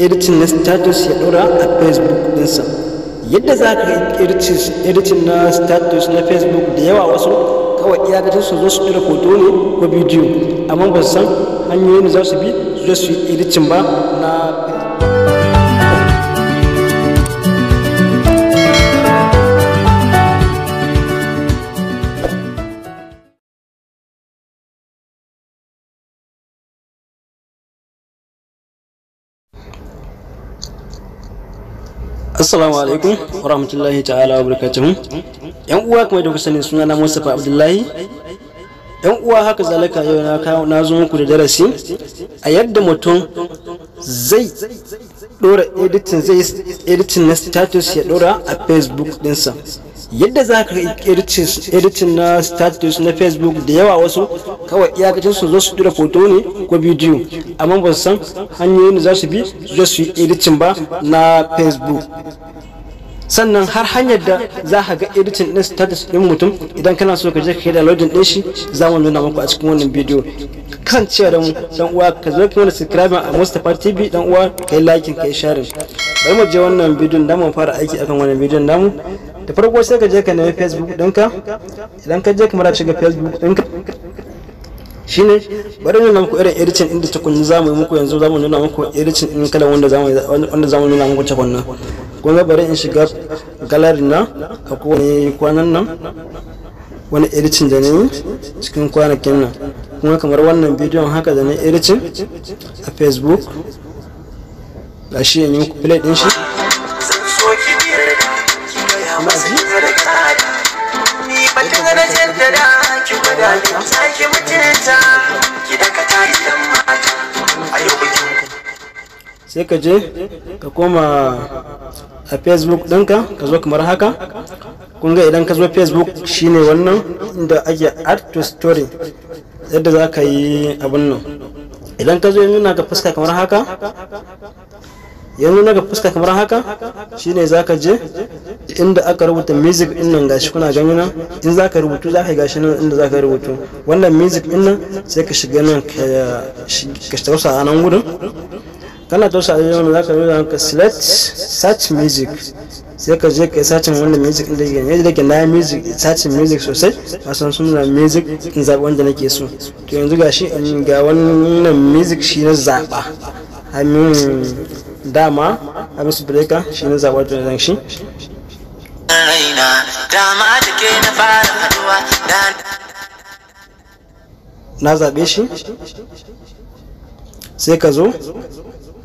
editin na status ya dora a facebook dinsa yadda za ka yi na status na facebook da yawa wasu kawai iyakacin su zo su dora hoto ne ko bidiyo amma ba su san hanyoyin da za su bi su zo su yi editin ba na assalamu alaikum rahmatullahi ta'ala wa barakatuhu yan uwa kuma da sani suna na Mustafa Abdullahi yan uwa haka zalaka yau na kawo na zo muku da darasi a yadda mutum zai dora editing zai editing na status ya dora a facebook dinsa yadda za ka editing na status na facebook da yawa wasu kawai iyakacin su zo su dora foto ne ko bidiyo amma ba san hanyoyin da za su bi su su yi editing ba na facebook sannan har hanyar da za ka ga editing din status din mutum idan kana so ka je ka yi da loading din shi za mu nuna maku a cikin wannan bidiyo kan cewa mu dan uwa ka zo ka wani subscribe a mustafa TV dan uwa kai like kai share bari mu je wannan bidiyon da mu fara aiki akan wannan bidiyon namu da farko sai ka je ka nemi Facebook ka idan ka je kamar shiga Facebook ɗinka shine bari mu nuna muku irin editing inda tukunni zamu yi muku yanzu zamu nuna muku editing in kalan wanda zamu wanda zamu nuna muku tukunna kuma bari in shiga gallery na akwai kwanan nan wani editing da ne cikin kwanakin nan kuma kamar wannan bidiyon haka da na iricin a facebook a shi yanyi ku play din shi sai ka je ka koma a facebook ɗinka ka zo kamar haka kunga idan ka zo facebook shine wannan inda ake art to story yadda za ka yi abin nan idan ka zo ya nuna ga fuska kamar haka ya nuna ga fuska kamar haka shine za ka je inda aka rubuta music din nan gashi kuna gani nan in za ka rubutu za ka yi gashi nan inda za ka rubutu wannan music din nan sai ka shiga nan ka tausa a nan gudun kana to a yau za ka nuna ka select search music sai ka je ka search wannan music din da ke yanzu da ke na music search music sosai a san sunan music in zaba wanda nake so to yanzu gashi shi ga wannan music shi na zaɓa amin dama a musu breaker shi na zaba to zan shi na zaɓe shi sai ka zo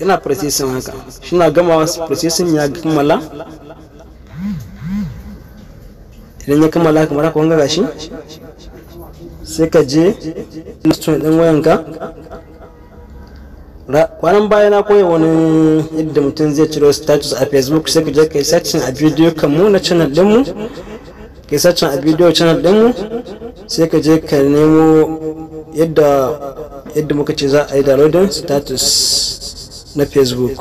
yana processing haka shi na gama processing ya kammala idan ya kammala kamar haka wanga gashi sai ka je instrument din wayanka kwanan baya na koya wani yadda mutum zai ciro status a facebook sai ka je ka yi searching a bidiyo kan mu na channel din mu ka yi searching a bidiyo channel din mu sai ka je ka nemo yadda yadda muka ce za a yi downloading status na Facebook